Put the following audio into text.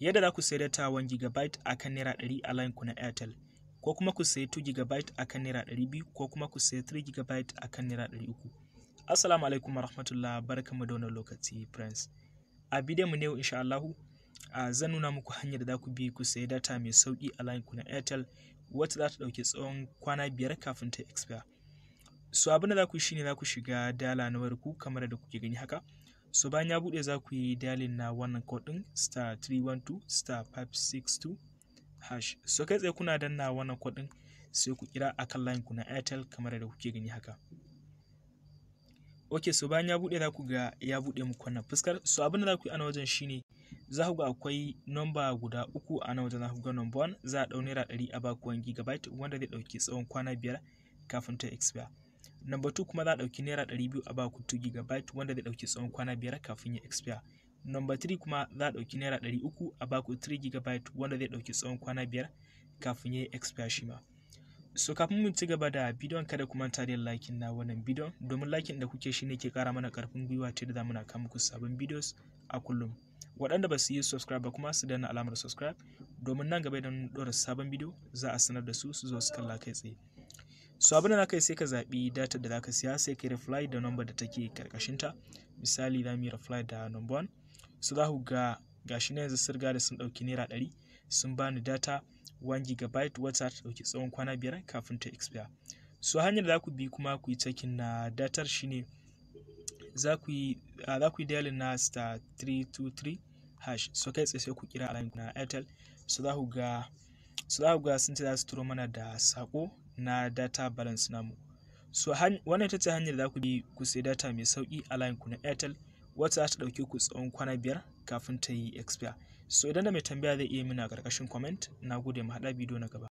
yadda za ku sayar da 1 GB a kan naira 100 a line ku na airtel ko kuma ku sayi 2 gigabit a kan naira 200 ko kuma ku sayi 3 GB a kan naira 300 assalamu alaikum barka barkamu da wannan lokaci Prince. a bidiyon mu ne insha Allah zan nuna muku hanyar da za ku bi ku sayi data mai sauki a line ku na airtel wacce za ta ɗauki tsawon kwana biyar kafin ta expire so abin da za ku shi ne za ku shiga dala na ku kamar da kuke gani haka so bayan ya bude za ku yi dalin na wannan code din star 312 star 562 hash so kai tsaye kuna danna wannan code din sai ku kira akan line ku na airtel kamar yadda kuke gani haka ok so bayan ya bude za ku ga ya bude muku wannan fuskar so abin da za ku yi a wajen shine za ku ga akwai nomba guda uku a nan wajen za ku ga number 1 za a ɗau naira 100 a baku 1 gigabyte wanda zai dauki tsawon kwana biyar kafin ta expire number 2 kuma za a ɗauki naira biyu a ba ku 2 gigabyte wanda zai ɗauki tsawon kwana biyar kafin ya expire number 3 kuma za a ɗauki naira uku a ba ku 3 gigabyte wanda zai ɗauki tsawon kwana biyar kafin ya expire shi ma so kafin mu ci gaba da bidiyon kada ku manta da like na wannan bidiyon domin like da kuke shi ne ke kara mana karfin gwiwa ta da muna kawo muku sabon videos a kullum waɗanda ba su yi subscribe ba kuma su danna alamar subscribe domin nan gaba idan ɗora sabon bidiyo za a sanar da su su zo su kalla kai tsaye so abin da zaka yi sai ka zaɓi data da zaka siya sai ka reply da number da take karkashin ta misali za mu yi reply da number 1 so za ku ga gashi na yanzu sun da sun ɗauki naira ɗari sun bani data 1 gigabyte whatsapp ta ɗauki tsawon kwana biyar kafin ta expire so hanyar da za ku bi kuma ku yi checking na datar shine za ku yi dialin na star 323 hash so kai tsaye sai ku kira a na airtel so za ku ga sun ce za su turo mana da sako na data balance namu so wannan ita ce hanyar da za ku bi ku sai data mai sauki a line ku na airtel wacce za ta ɗauke ku tsawon kwana biyar kafin ta yi expire so idan da mai tambaya zai iya mina a ƙarƙashin comment na gode mu haɗa bidiyo na gaba